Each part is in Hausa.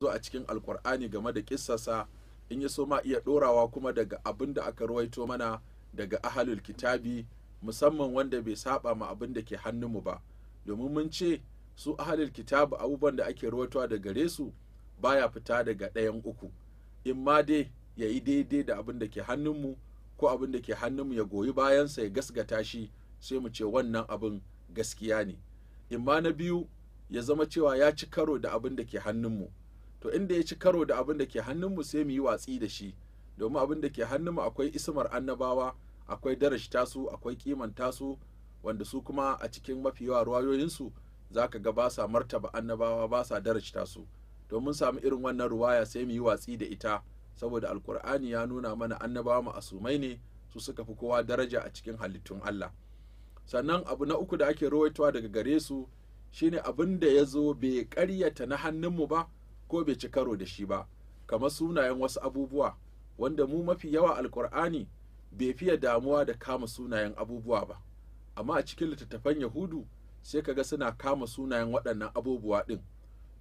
zo a cikin alkur'ani game da kissasa in ya so ma iya ɗorawa kuma daga abin da aka ruwaito mana daga ahalul kitabi musamman wanda bai saba ma abin da ke hannunmu ba domin mun ce su ahalul kitabi abubuwan da ake ruwaitowa da gare su baya fita daga ɗayan uku in ma dai ya yi daidai da abin da ke hannunmu ko abin da ke hannunmu ya goyi bayansa ya gasgata shi sai mu ce wannan abin gaskiya ne in ma na biyu ya zama cewa ya ci karo da abin da ke hannunmu to inda ya ci karo da abin da ke hannun mu sai mu yi watsi da shi domin abin da ke hannunmu akwai ismar annabawa akwai darashta tasu akwai kimanta su wanda su kuma a cikin mafi yawa ruwayoyinsu za ka ga ba sa martaba annabawa ba sa tasu su domin samu irin wannan ruwaya sai mu yi watsi da ita saboda alkur'ani ya nuna mana annabawa ma'asumai ne su suka fi kowa daraja a cikin halittun Allah sannan abu na uku da ake rawaitowa daga gare su shine abin da ya zo bai karyata na hannun mu ba ko bai ci karo da shi ba kamar sunayen wasu abubuwa wanda mu mafi yawa alkur'ani bai fiye damuwa da kama sunayen abubuwa ba amma a cikin littattafan yahudu sai ka ga suna kama sunayen waɗannan abubuwa ɗin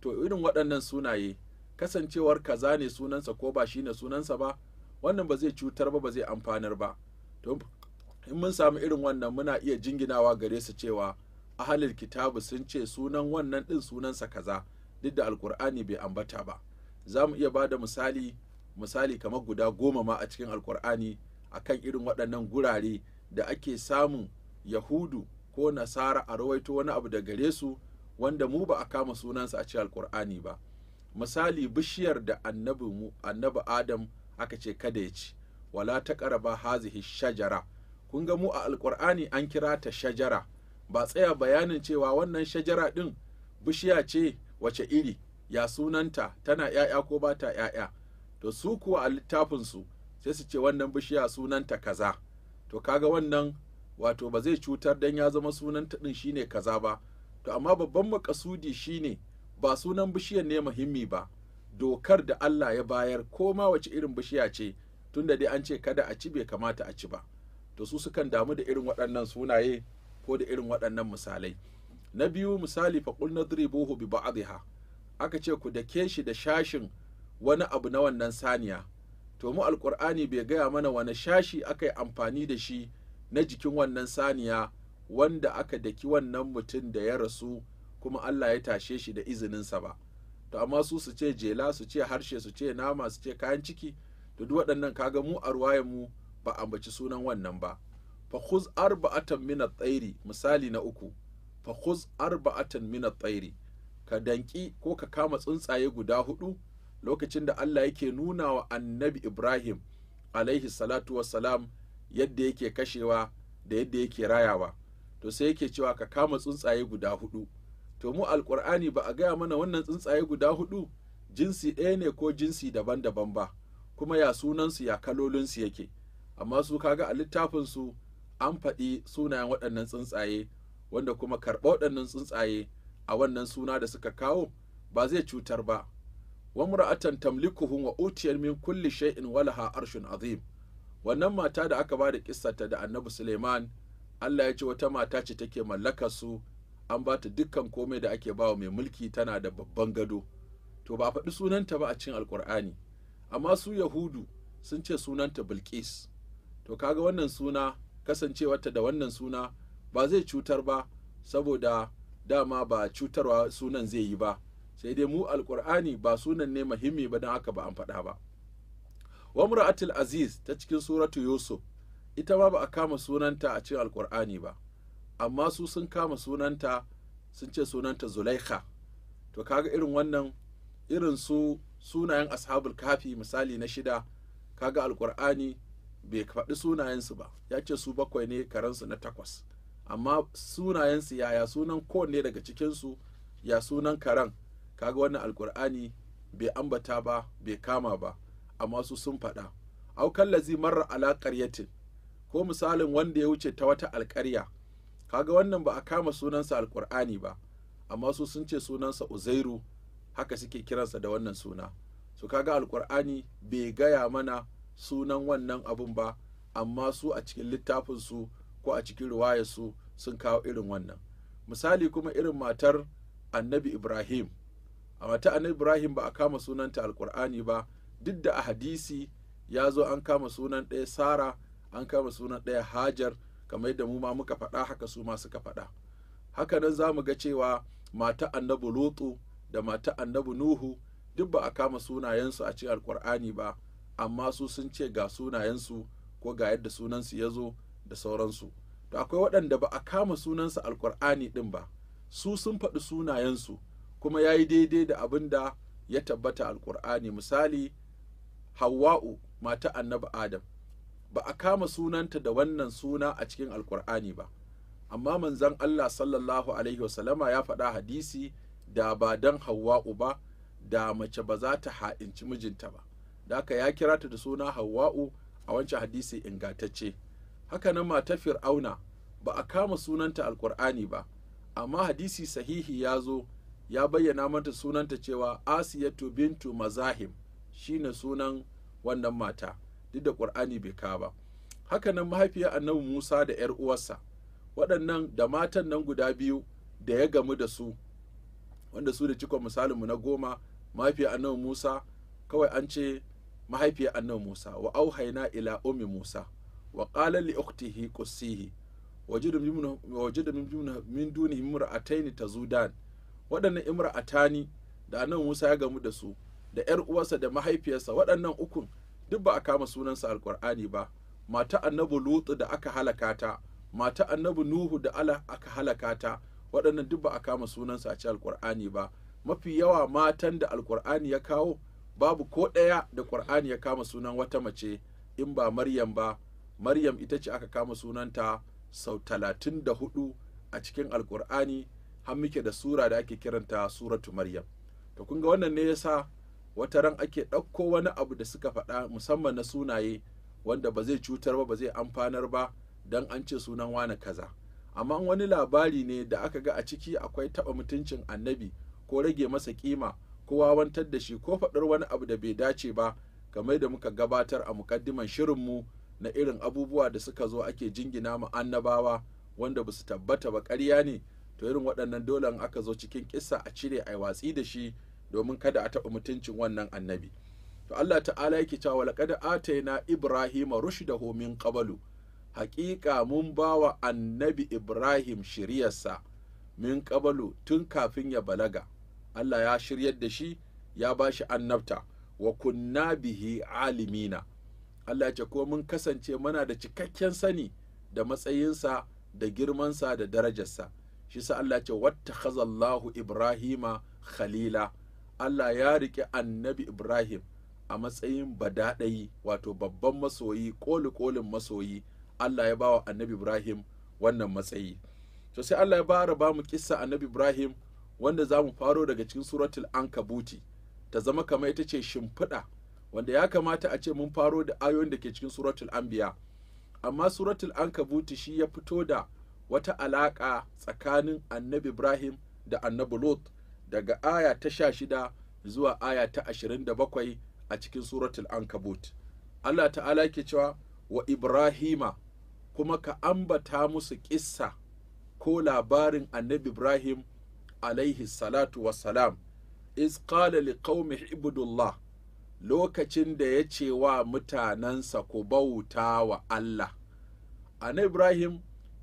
to irin waɗannan sunaye kasancewar kaza ne sunansa ko ba shi ne sunansa ba wannan ba zai cutar ba ba zai amfanar ba to in mun samu irin wannan muna iya jinginawa gare su cewa ahalil kitabu sun ce sunan wannan ɗin sunansa kaza duk da alkur'ani bai ambata ba za mu iya ba da misali misali kamar guda goma ma a cikin alkur'ani kan irin waɗannan gurare da ake samun yahudu ko nasara a rawaito wani abu da gare su wanda mu ba a kama sunansa a cikin alkur'ani ba misali bishiyar da annabi mu annabi adam aka ce kada ya ci wala ta karaba hazihi shajara kun ga mu a alkur'ani an kira ta shajara ba tsaya bayanin cewa wannan shajara din bishiya ce wace iri ya sunanta tana ‘ya'ya ko ba ta ‘ya'ya to su kuwa a littafinsu sai su ce wannan bishiya sunanta kaza to kaga wannan wato ba zai cutar don ya zama sunanta ɗin shine kaza ba to amma babban makasudi shine ba sunan bishiyar ne muhimmi ba dokar da Allah ya bayar ko ma wace irin bishiya ce tunda dai an ce kada a ci bai kamata a ci ba to su sukan damu da irin waɗannan sunaye ko da irin waɗannan misalai na biyu misali faƙul nadribuhu bi ba'dha aka ce ku dake shi da shashin wani abu na wannan saniya to mu alƙur'ani bai gaya mana wani shashi aka yi amfani da shi na jikin wannan saniya wanda aka daki wannan mutum da ya rasu kuma Allah ya tashe shi da izininsa ba to amma su su ce jela su ce harshe su ce nama su ce kayan ciki to duk waɗannan kaga mu a mu ba ambaci sunan wannan ba fa khuz arba'atan min tsairi misali na uku fa arba'atan min at ka danki ko ka kama tsuntsaye guda hudu lokacin da Allah yake nuna wa annabi Ibrahim alaihi salatu wassalam yadda yake kashewa da yadda yake rayawa to sai yake cewa ka kama tsuntsaye guda hudu to mu alkur'ani ba a gaya mana wannan tsuntsaye guda hudu jinsi ɗaya ne ko jinsi daban-daban ba kuma ya sunansu ya kalolinsu yake amma su kaga a littafinsu an faɗi sunayen waɗannan tsuntsaye wanda kuma karɓa waɗannan tsuntsaye a wannan suna da suka kawo ba zai cutar ba wa mura'atan tamlikuhum wa utiyar min kulli shay'in walaha arshin azim wannan mata da aka ba da kisata da annabi suleiman allah ya ce wata mata ce take mallakar su an ba ta dukkan komai da ake bawa mai mulki tana da babban gado to ba a faɗi sunanta ba a cikin alkur'ani amma su yahudu sun ce sunanta bilkis to kaga wannan suna kasancewarta da wannan suna ba zai cutar ba saboda dama ba cutarwa sunan zai yi ba sai dai mu alkur'ani ba sunan ne muhimmi ba don aka ba an faɗa ba wamra'atul aziz ta cikin suratu yusuf ita ma ba a kama sunanta a cikin alkur'ani ba amma su sun kama sunanta sun ce sunanta zulaikha to kaga irin wannan irin su sunayen ashabul kafi misali na shida kaga alkur'ani bai faɗi sunayensu ba ya ce su bakwai ne karansu na takwas amma sunayensu yaya sunan kowanne daga cikinsu ya sunan karan kaga wannan alkur'ani bai ambata ba bai kama ba amma su sun faɗa au kallazi marar ala qaryatin ko misalin wanda ya wuce ta wata alƙarya kaga wannan ba a kama sunansa alkur'ani ba amma su sun ce sunansa uzairu haka suke kiransa da wannan suna su kaga alkur'ani bai gaya mana sunan wannan abun ba amma su a cikin littafin su. ko a cikin ruwayarsu sun kawo irin wannan misali kuma irin matar annabi ibrahim a mata annabi ibrahim ba a kama sunanta alkur'ani ba duk da a hadisi ya zo an kama sunan ɗaya sara an kama sunan ɗaya hajar kamar da mu ma muka faɗa haka su ma suka faɗa haka nan za mu ga cewa mata annabi lutu da mata annabi nuhu duk ba a kama sunayensu a cikin alkur'ani ba amma su sun ce ga sunayensu ko ga yadda sunansu ya zo da sauransu to akwai waɗanda ba a kama sunansa alkur'ani ɗin ba su sun faɗi sunayensu kuma ya yi daidai da abin da ya tabbata alkur'ani misali hawa'u mata annabi adam ba a kama sunanta da wannan suna a cikin alkur'ani ba amma manzon allah sallallahu alaihi wasallama ya faɗa hadisi da ba don hawa'u ba da mace ba za ta ha'inci mijinta ba da aka ya kira ta da suna hawa'u a wancan hadisi ingantacce hakanan matar fir'auna ba a kama sunanta alkur'ani ba amma hadisi sahihi ya zo ya bayyana mata sunanta cewa asiyatu bintu mazahim shine sunan wannan mata duk da kur'ani bai ka ba hakanan mahaifiyar annabi musa da 'yar uwarsa waɗannan da matan nan guda biyu da ya gamu da su wanda su da cikon mu na goma mahaifiyar annabi musa kawai an ce mahaifiyar annabi musa wa auhaina ila ummi musa wa qala li ukhtihi waje wajida min wajida min min dunihi imra'ataini tazudan waɗannan imra'atani da annabi Musa ya gamu da su da yar uwarsa da mahaifiyarsa waɗannan ukun duk ba a kama sunansa alqur'ani ba mata annabi Lutu da aka halaka ta mata annabi Nuhu da ala aka halaka ta waɗannan duk ba a kama sunansa a alqur'ani ba mafi yawa matan da alqur'ani ya kawo babu ko ɗaya da ƙur'ani ya kama sunan wata mace in ba maryam ba maryam ita ce aka kama sunanta sau talatin da hudu a cikin alkur'ani har muke da sura da ake kiranta suratu maryam to kun ga wannan ne yasa wata ran ake ɗauko wani abu da suka faɗa musamman na sunaye wanda ba zai cutar ba ba zai amfanar ba dan an ce sunan wani kaza amma wani labari ne da aka ga a ciki akwai taɓa mutuncin annabi ko rage masa kima ko wawantar da shi ko faɗar wani abu da bai dace ba kamar da muka gabatar a mukaddiman shirinmu na irin abubuwa da suka zo ake jingina ma annabawa wanda ba su tabbata ba ƙarya ne to irin waɗannan dole in aka zo cikin kissa a cire a watsi da shi domin kada a taɓa mutuncin wannan annabi to Allah ta'ala yake cewa laqad ataina ibrahima rushdahu min qablu haƙiƙa mun bawa annabi ibrahim shiryarsa min ƙabalu tun kafin ya balaga Allah ya shiryar da shi ya ba shi annabta wa kunna bihi alimina Allah ce ko mun kasance mana da cikakken sani da matsayinsa da girmansa da darajarsa shi sa Allah ce watta khazallahu ibrahima khalila Allah ya riƙe annabi ibrahim a matsayin badaɗayi wato babban masoyi koli kolin masoyi Allah ya bawa annabi ibrahim wannan matsayi to sai Allah ya bara ba mu kissa annabi ibrahim wanda za mu faro daga cikin suratul ankabuti ta zama kamar ita ce shimfiɗa wanda ya kamata a ce mun faro da ayoyin da ke cikin suratul anbiya amma suratul ankabuti shi ya fito da wata alaƙa tsakanin annabi ibrahim da annabi lot daga aya ta sha shida zuwa aya ta ashirin da bakwai a cikin suratul ankabut allah ta'ala ke cewa wa ibrahima kuma ka ambata musu ƙissa ko labarin annabi ibrahim alaihi salatu wassalam iz qala liqaumi ibudullah lokacin da ya ce wa mutanensa ku bauta wa Allah ana Ibrahim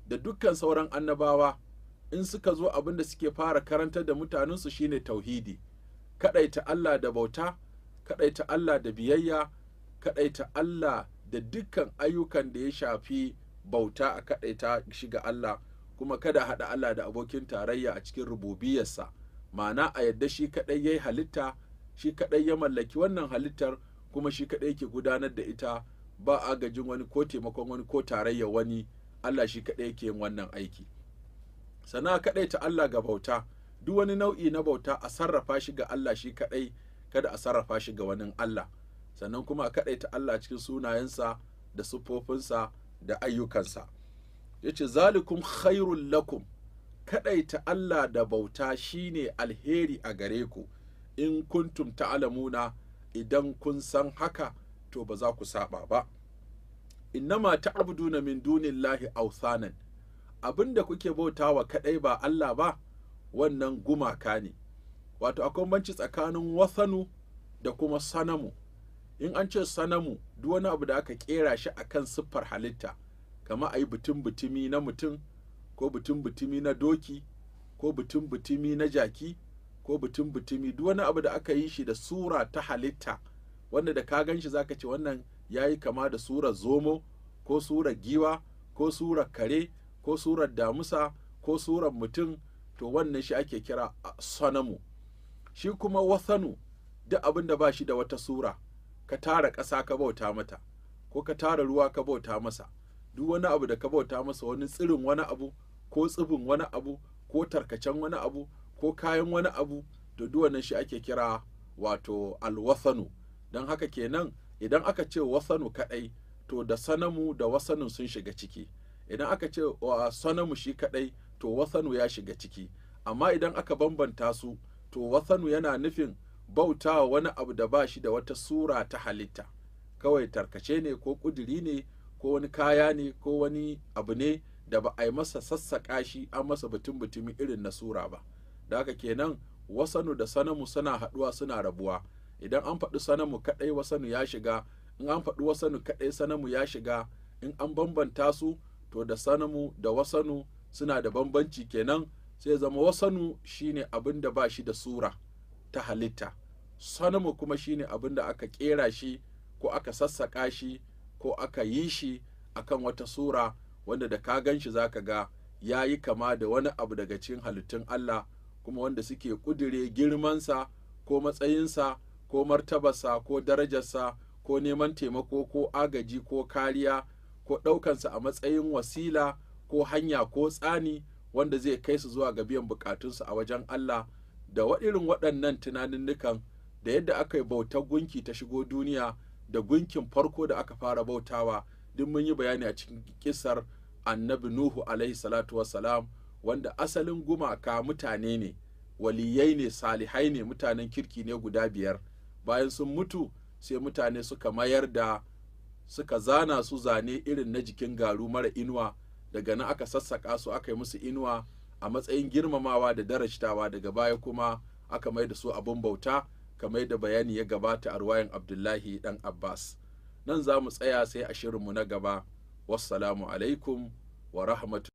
da dukkan sauran annabawa in suka zo abin da suke fara karantar da mutanensu shine tauhidi kadaita Allah da bauta kadaita Allah da biyayya kadaita Allah da dukkan ayyukan da ya shafi bauta a kadaita shi ga Allah kuma kada haɗa Allah da abokin tarayya a cikin rububiyarsa ma'ana a yadda shi kaɗai ya yi halitta shi kaɗai ya mallaki wannan halittar kuma shi kaɗai ke gudanar da ita ba agajin wani ko taimakon wani ko tarayya wani Allah shi kaɗai yake yin wannan aiki sana'a kaɗai ta Allah ga bauta duk wani nau'i na bauta a sarrafa shi ga Allah shi kaɗai kada a sarrafa shi ga wani Allah sannan kuma a kaɗai ta Allah cikin sunayensa da siffofinsa da ayyukansa yace zalikum khairul lakum kaɗai ta Allah da bauta shine alheri a gare ku in kuntum ta'lamuna idan kun san haka to ba za ku saba ba innama ta'buduna min dunillahi awthanan abinda kuke bautawa kadai ba Allah ba wannan gumaka ne wato akwai banci tsakanin wasanu da kuma sanamu in an ce sanamu duk wani abu da aka kera shi akan siffar halitta kamar ayi yi butun butumi na mutum ko butun butumi na doki ko butun butumi na jaki ko butun butumi duk wani abu da aka yi shi da sura ta halitta wanda da ka gan shi zaka ce wannan ya yi kama da sura zomo ko sura giwa ko sura kare ko sura damusa ko surar mutum to wannan shi ake kira sanamu shi kuma wasanu duk abin da ba shi da wata sura ka tara ƙasa ka bauta mata ko ka tara ruwa ka bauta masa duk wani abu da ka bauta masa wani tsirin wani abu ko tsibin wani abu ko tarkacen wani abu ko kayan wani abu da duk shi ake kira wato alwasanu don haka kenan idan aka ce wasanu kadai to da sanamu da wasanun sun shiga ciki idan aka ce wa sanamu shi kadai to wasanu ya shiga ciki amma idan aka bambanta su to wasanu yana nufin bautawa wani abu da ba shi da wata sura ta halitta kawai tarkace ne ko ƙudiri ne ko wani kaya ne ko wani abu ne da ba a yi masa sassaƙa shi an masa butun butumi irin na sura ba da haka kenan wasanu da sanamu suna haduwa suna rabuwa idan an faɗi sanamu kaɗai wasanu ya shiga in an faɗi wasanu kaɗai sanamu ya shiga in an bambanta su to da sanamu da wasanu suna da bambanci kenan sai zama wasanu shine abin da ba shi da sura ta halitta sanamu kuma shine abin da aka kera shi ko aka sassaƙa shi ko aka yi shi akan wata sura wanda da ka gan shi zaka ga ya yi kama da wani abu daga cikin halittun Allah kuma wanda suke ƙudire girmansa ko matsayinsa ko martabarsa ko darajarsa ko neman taimako ko agaji ko kariya ko ɗaukansa a matsayin wasila ko hanya ko tsani wanda zai kai su zuwa ga biyan bukatunsu a wajen Allah da waɗirin waɗannan tunaninnikan da yadda aka yi bautar gunki ta shigo duniya da gunkin farko da aka fara bautawa duk mun yi bayani a cikin kisar annabi nuhu alaihi salatu wassalam wanda asalin gumaka mutane ne waliyai ne salihai ne mutanen kirki ne guda biyar bayan sun mutu sai mutane suka mayar da suka zana su zane irin na jikin garu mara inuwa daga nan aka sassaka su aka yi musu inuwa a matsayin girmamawa da darashtawa daga baya kuma aka mai da su abun bauta kamar da bayani ya gabata a ruwayan abdullahi dan abbas nan za mu tsaya sai a shirinmu na gaba wassalamu alaikum wa rahmatu